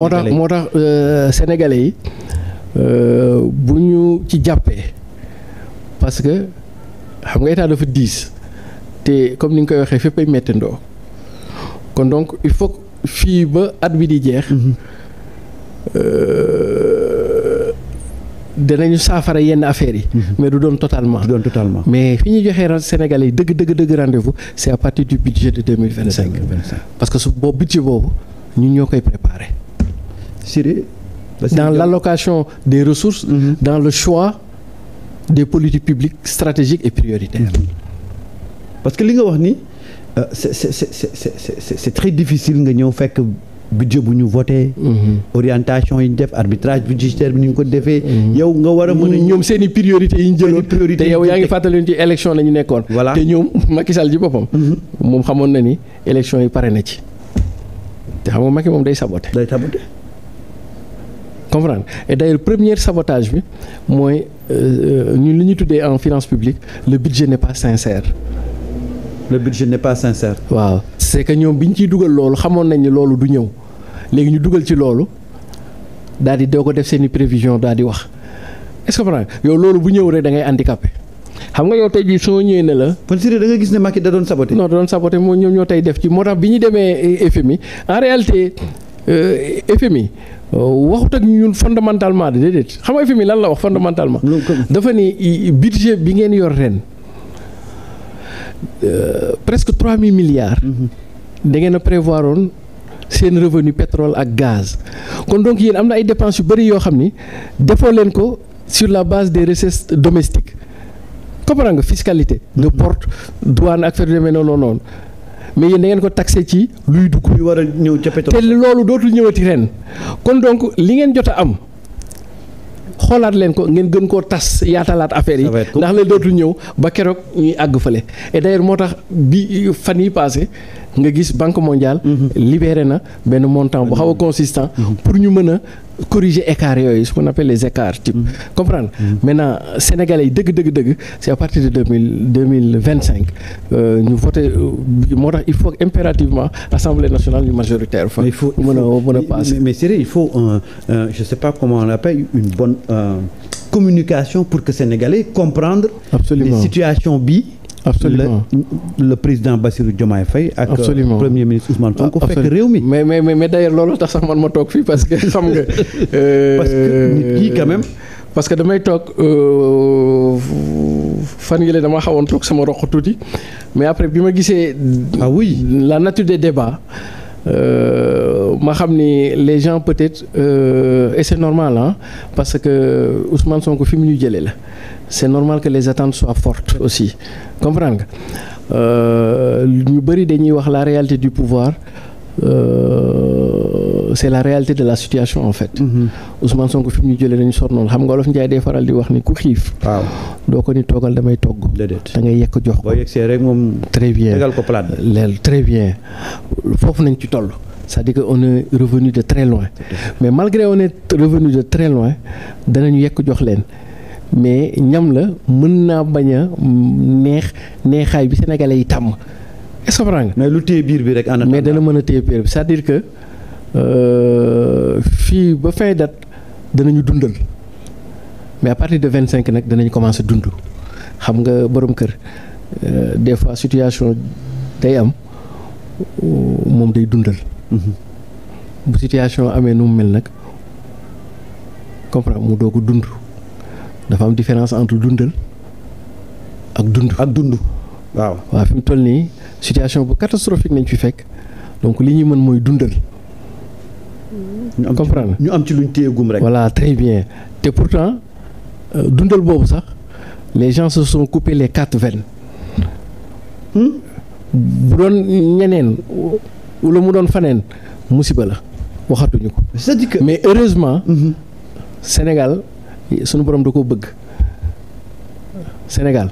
moo tax moo tax sénégalais yi euh, euh, bu ñu ci jàppee parce que xam nga état dafa diis te comme ni nga koy waxee fépp ay méttandoo kon donc il faut fii ba at bi di jeex. Mhm. Euh, danañu saafara yenn affaires yi. Mhm. mais du doon totalement. du doon mais fi ñu joxee Sénégalais yi dëgg dëgg dëgg rendez-vous c'est à partir du budget de deux mille vingt cinq. parce que su boobu budget boobu ñun ñoo koy préparer. Siré dans l'allocation des ressources mm -hmm. dans le choix des politiques publiques stratégiques et prioritaires mm -hmm. parce que li nga wax ni euh, c'est c'est c'est très difficile nga ñëw fekk budget bu ñu voté mhm. orientation yi ñu def arbitrage budgétaire bi ni ñu ko defee mhm. yow nga war a mën ñoom seen i priorité yi ñu jëloon priorité te yow yaa ngi fàttali ci élection la ñu nekkoon voilà te ñoom Macky Sall ji boppam mhm. moom xamoon na ni élection yi pare na ci te xam nga Macky moom day saboté day comprendre et d'ailleurs premier sabotage bi mooy euh, euh, ñun li ñu tuddee en finance publique le budget n'est pas sincère. le budget n'est pas sincère. waaw c'est que ñoom bi ñu ciy dugal loolu xamoon nañ ni loolu du ñëw léegi ñu dugal ci loolu daal di doo ko def seen i prévision daal di wax est-ce que comprendre yow loolu bu ñëw rek dangay ngay handicapé. xam nga yow tey soo ñëwee ne la. kon gis ne Macky da doon saboté. non da doon saboté moom ñoom ñoo tey def ci moo tax bi ñu demee euh, FMI en réalité. Euh, FMI euh, waxut ak ñun fondamentalement de déedéet xam nga FMI lan la wax fondamentalement dafa ni budget bi ngeen yor ren euh, presque trois mille milliards mhm. da ngeen a prévoir woon seen revenu pétrole ak gaz kon donc yéen am na ay dépenses yu bëri yoo xam ni defoo leen ko sur la base des recettes domestiques comprends nga fiscalité mhm. port douane ak fer noonu noonu mais yéen da ngeen ko taxé ci luy dugg. luy war ñëw ca pétrole. te loolu dootul ñëwati ren kon donc li ngeen jot a am. xoolaat leen ko ngeen gën koo tas yaatalaat affaire yi ndax la dootul ñëw ba keroog ñuy àgg fële et moo tax bi fan yi passé nga gis banque mondiale. Mhm. libéré na benn montant bu xaw a mhm. consistant. Mhm. pour ñu mën a corriger écarts yooyu ce qu'on appelle les écarts type. comprendre maintenant sénégalais yi dëgg dëgg dëgg c'est à partir de deux mille deux mille vingt cinq euh, ñu voté euh, moo tax il faut impérativement assemblée nationale ñu majoritaire fa. il faut mën a mën a passer mais il faut un je sais pas comment on l'appelle une bonne euh, communication pour que sénégalais comprendre. absolument les situations bi. absolument le, le président Bassirou Diomaye Faye ak absolument. Euh, premier ministre Ousmane Sonko fekk réew mi mais mais mais loolu tax sax man ma toog fii parce que xam nga parce que euh, nit kii quand même parce que damay toog euh, fan yële dama xawoon toog sama roq tuuti mais après bi ma gisee ah oui la nature des débats Euh, ma xam ni les gens peut-être euh, et c'est normal ah parce que Ousmane Sonko fi mu ñu jëlee la c'est normal que les attentes soient fortes aussi comprendre nga euh, ñu bëri dañuy wax la réalité du pouvoir. Euh, c'est la réalité de la situation en fait. Mhm. Ousmane Sonko fi mu ñu jëlee dañu sonnoon xam nga Wolof Njaay day faral di wax ni ku xiif. doo ko ni toogal damay togg. déedéet da ngay yekk jox ko. boo yegsee rek moom. très bien tegal ko plat. leel très bien foofu nañ ci toll. c'est-à-dire que on est de très loin. mais malgré on est revenu de très loin danañu yekk jox leen. mais ñam la mën naa bañ a neex neexaay bi sénégalais yi tàmm. est-ce que mais lu téye biir bi rek. en mais dana mën a téye biir bi cest dire que. Euh, fii ba fin dat danañu dundal mais à partir de vingt cinq nag danañ commencé dund xam nga borom kër euh, des fois situation day am moom day dundal. Mhm. bu situation amee nu mu mel nag comprendre mu doog a dund dafa am différence entre dundal ak dund. ak dund waaw. waaw fi mu toll nii situation bu catastrophique nañ fi fekk donc li ñuy mën mooy dundal. ñu comprendre ñu am ci luñ téye gum rek. voilà très bien te pourtant euh, dundal boobu sax les gens su sont coupés les quatre veines. Hmm? bu doon ñeneen wala mu doon faneen musiba la waxatuñu ko. cest que mais heureusement. Mhm. Sénégal sunu borom da koo bëgg. Sénégal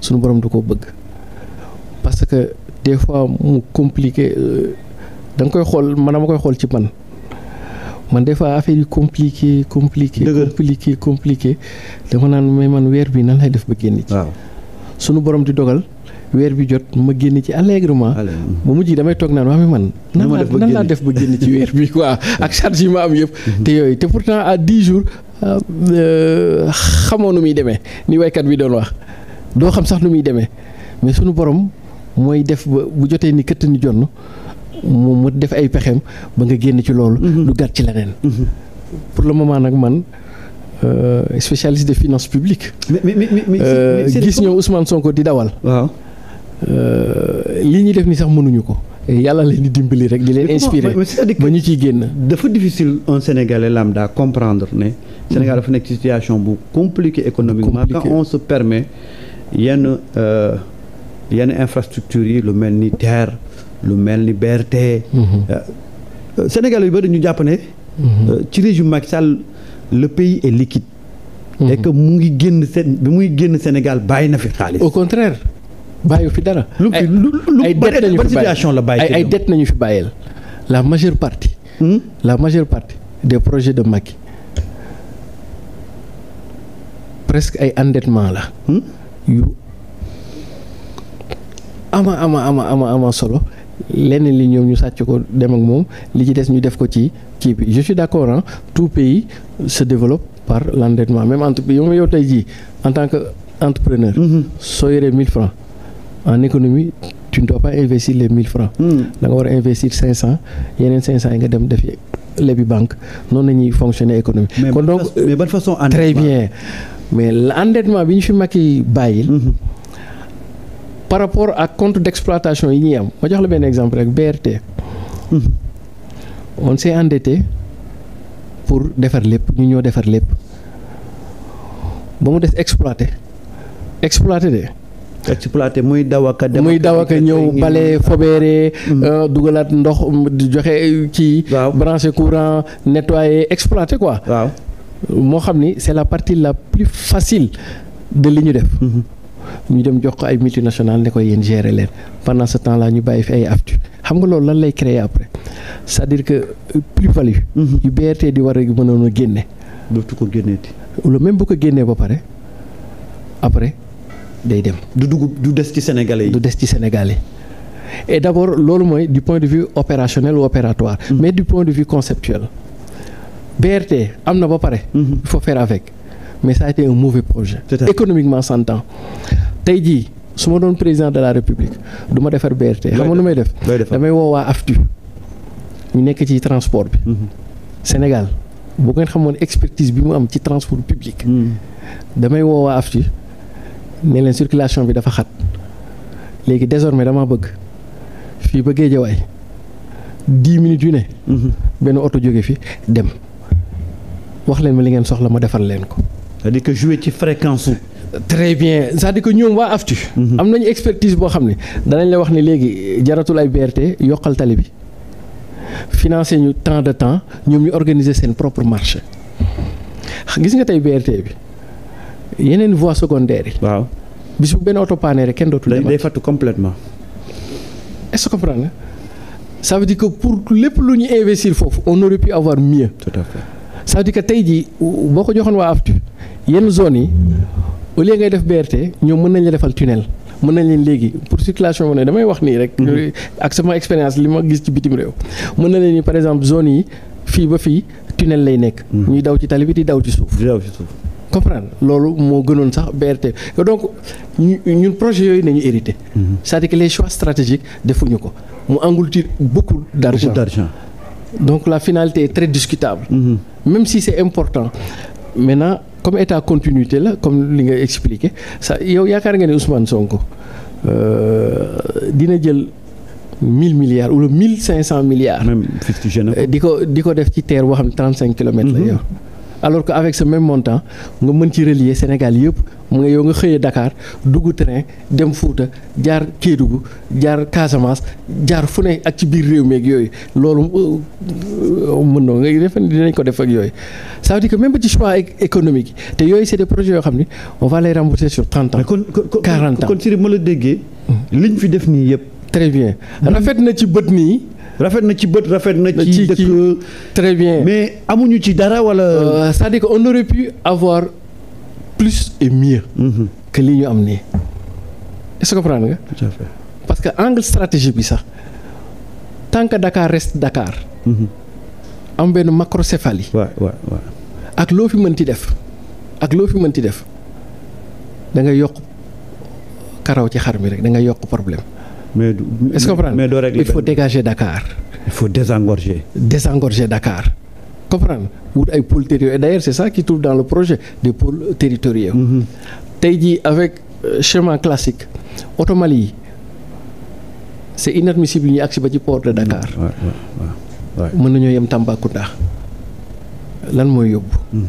sunu borom da koo bëgg parce que des fois mu compliqué euh, da koy xool man dama koy xool ci man. man des fois affaire yi compliqué compliqué compliqué compliqué dama naan mais man weer bi nan lay def ba génn ci sunu borom di dogal weer bi jot ma génn ci allègrement ba mujj damay toog naan waame man nan laa def ba génn ci weer bi quoi ak charge yi ma am yëpp mhm. te yooyu te pourtant à dix jours euh, euh, xamoo nu muy demee ni waykat bi doon wax doo xam sax nu muy demee mais suñu borom mooy def ba bu jotee ni këtt ni jonn moom mu def ay pexeem ba nga génn ci loolu. Mm-hmm. lu gàtt ci leneen. Mm-hmm. pour le moment nag man. Euh, spécialiste de finance publique mais euh, gis ñoom Ousmane Sonko di dawal. waaw euh, li ñuy def ni sax mënuñu ko. yàlla leen di dimbali rek di leen inspiré ba ñu ciy génn. dafa difficile un sénégalais lambda comprendre ne. Sénégal mm-hmm. dafa nekk situation bu économique économiquement. quand on se permet yenn euh, yenn infrastructures yi lu mel ni terre. lu mel ni BRT. Mhm. Euh, euh, Sénégal yu bëri ñu jàpp ne. Mhm. Euh, ci régime Macky Sall le pays est liquide. Mhm. et que mu ngi génn muy génn Sénégal bàyyi na fi xaalis. au contraire bàyyi fi dara. lu fi lu ay dette nañu fi bàyyeel la majeure partie. Hmm? la majeure partie des projets de Macky presque ay endettement la. Hmm? yu ama ama ama ama ama solo leneen li ñëw ñu sàcc ko dem ak moom li ci des ñu def ko ci kii bi je suis d'accord hein tout pays se développe par l'endettement même entreprise yow yow tey jii en tant que entrepreneur. Mm-hmm. soo yoree 1000 francs en économie tu ne dois pas investir les 1000 francs. Mm. danga war a investir 500 yeneen 500 yi nga dem def lebi banque noonu la ñuy fonctionner économie. mais bonne façon endettement bien mais l'endettement bi ñu fi Macky bàyyil. Mm-hmm. par rapport ak compte d'exploitation yi ñuy am ma jox la benn exemple rek BRT. Hmm. on s'est endetté pour defar lépp ñu ñoo defar lépp ba mu des exploité exploité de. exploité muy dawaka dem muy dawaka ñëw bale fobeere hmm. euh, dugalaat ndox joxe ci branché courant nettoyer exploité quoi waaw moo xam ni c'est la partie la plus facile de li ñu def hmm. ñu dem jox ko ay multinationales ne ko yéen gérer leen pendant sa temps là ñu bàyyi fi ay aftu xam nga loolu lan lay créer après cest dire que euh, plus-value mm-hmm. yu BRT di war a mënoon a génne. dootu ko génneeti. bu ko génnee ba pare après day dem. du dugub du des ci Sénégalais du des ci Sénégalais yi et d'abord loolu mooy du point de vue opérationnel ou opératoire. Mm-hmm. mais du point de vue conceptuel. BRT am na ba pare. Mm-hmm. il faut faire avec mais ça a été un mauvais projet. économiquement s'entend tey jii su ma doon président de la république duma defar BRT. xam nga nu may def damay woo waa AFTU ñu nekk ci transport bi. Mm-hmm. Sénégal bu ngeen xamoon expertise bi mu am ci transport public. Mm-hmm. damay woo waa AFTU ne leen bi dafa xat léegi désormais dama bëgg fii ba Géejawaay dix minutes yu ne. Mm-hmm. benn oto jóge fi dem wax leen ma li ngeen soxla ma defar leen ko. ci fréquence très bien cest di dire que ñoom waa AFTU. Mhm. am nañu expertise boo xam ne danañ la wax ne léegi jaratul ay BRT yokkal tali bi financé ñu temps de temps ñoom ñu organiser seen propre marché gis nga tey BRT bi yeneen voies secondaires yi. waaw bis bu benn oto paanee rek kenn dootul. day fattu complètement est-ce que comprendre nga ça pour lépp lu ñu investir foofu on aurait pu avoir mieux. tout di fait que tey jii boo ko joxoon waa AFTU yenn zones yi. au lieu ngay def BRT ñoom mën nañ la defal tunnel mën nañ leen léegi pour circulation mo ne damay wax nii rek mhm. ak sama expérience li ma gis ci bitim réew mën na leen ni par exemple zone yi fii ba fii tunnel lay nekk mhm. ñuy daw ci tali bi di daw ci suuf comprendre loolu moo gënoon sax BRT donc ñun projet yooyu nañu hérité mhm. c'est-à-dire que les choix stratégiques defuñu ko mu engloutir beaucoup d'argent donc la finalité est très discutable mm même si c'est important maintenant comme état continuité la comme li nga expliqué sa yow yaakaar nga ne Ousmane Sonko euh, dina jël mille milliards wala mille cinq cent milliards. même di ko di ko def ci terre boo xam ne cinq kilomètres la mhm. yow. alors que avec ce même montant nga mën ci relier Sénégal yëpp mu nga yow nga xëyee dakaar dugg train dem Fuuta jaar Kédougou jaar Casamance jaar fu ne ak ci biir réew meeg yooyu loolu euh, euh, mën na ngay defe dinañ ko def ak yooyu sa veut dire que même ci choix économique te yooyu c'est des projets yoo xam ni on va les rembourser sur trente ans. quarante ans kon kon Siré ma la déggee. liñ fi def nii yëpp. très bien rafet na ci bët nii. rafet na ci bët rafet na. ci dëkk très bien mais amuñu ci dara wala. Euh, c'est-à-dire que on aurait pu avoir plus et mieux. Mhm. que li ñu am nii. est-ce que comprendre nga. tout angle stratégique bi sax tant que Dakar reste Dakar. Mhm. am benn macrocéphalie. ak loo fi mënti def. ak loo fi mënti def da nga yokk karaw ci xar mi rek da nga yokk problème. mais est-ce que comprendre mais doo régler il faut dégager Dakar. il faut désengorger. désengorger Dakar. comprendre wut ay pôles territoriaux et c'est ça qui trouve dans le projet des pôles territoriaux. Mm-hmm. tey jii avec euh, chemin classique oto Mali yi c'est inadmissible ñu agsi ba ci port de Dakar. mën nañoo yem Tambacounda lan mooy yóbbu. Mm-hmm.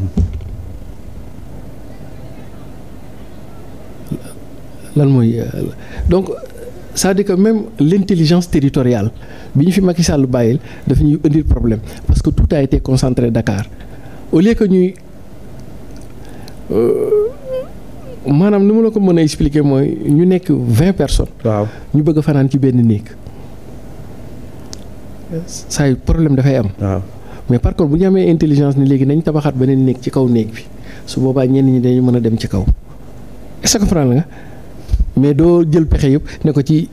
mooy euh, c'est-à-dire que même l'intelligence teritoriale bi ñu fi Macky lu bàyyil dafa ñuy indil problème parce que tout a été concentré Dakar au lieu que ñuy euh, maanaam nu ma la ko mën a expliquer mooy ñu nekk vingt personnes. waaw ñu bëgg a fanaan ci benn néeg saa yu problème dafay am. waaw mais par contre bu ñu amee intelligence ni léegi nañ tabaxaat beneen néeg ci kaw néeg bi su boobaa ñenn ñi dañu mën a dem ci kaw est-ce nga. mais doo jël pexe yëpp ne ko ci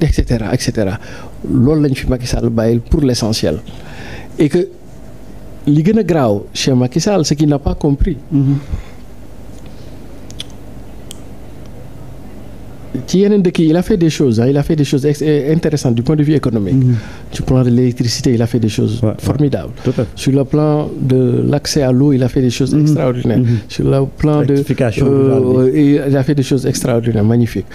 et cetera et cetera loolu lañ fi Macky bàyyil pour l'essentiel et que li gën a graaw chez Macky Sall ce qu'il n'a pas compris. Mm-hmm. ci yeneen dëkk yi il a fait des choses hein, il a fait des choses euh, intéressantes du point de vue économique. Mm -hmm. sur le plan de l'électricité il a fait des choses. Ouais, formidables ouais, sur le plan de l'accès à l'eau il a fait des choses. Mm -hmm. extraordinaires sur le plan de la il a des choses extraordinaires magnifiques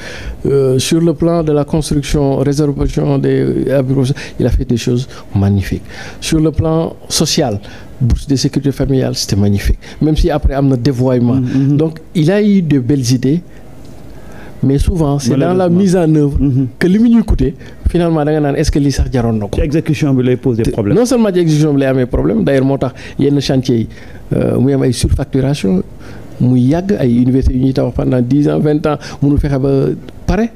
de la construction réservation des euh, il a fait des choses magnifiques sur le plan social. bourse de sécurité familiale c'était magnifique même si après am na dévoiement. Mm-hmm. donc il a eu de belles idées. mais souvent c' dans la mise en œuvre mm-hmm. que li mu ñuy coûter finalement da naan est ce que lii sax jaroon na ko. ci exécution bi lay poser problème. non seulement ci exécution bi lay amee problème d' ailleurs moo tax yenn chantier yi euh, muy am ay surfacturation muy yàgg ay université yu ñuy tabax pendant dix ans vingt ans mënul fexe ba pare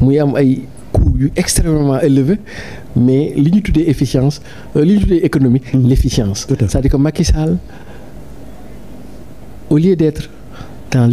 muy am ay coûts yu extrêmement élevé mais li ñu tuddee efficience euh, li ñu l' efficience. c' est à dire que Macky Sall au lieu d' être dans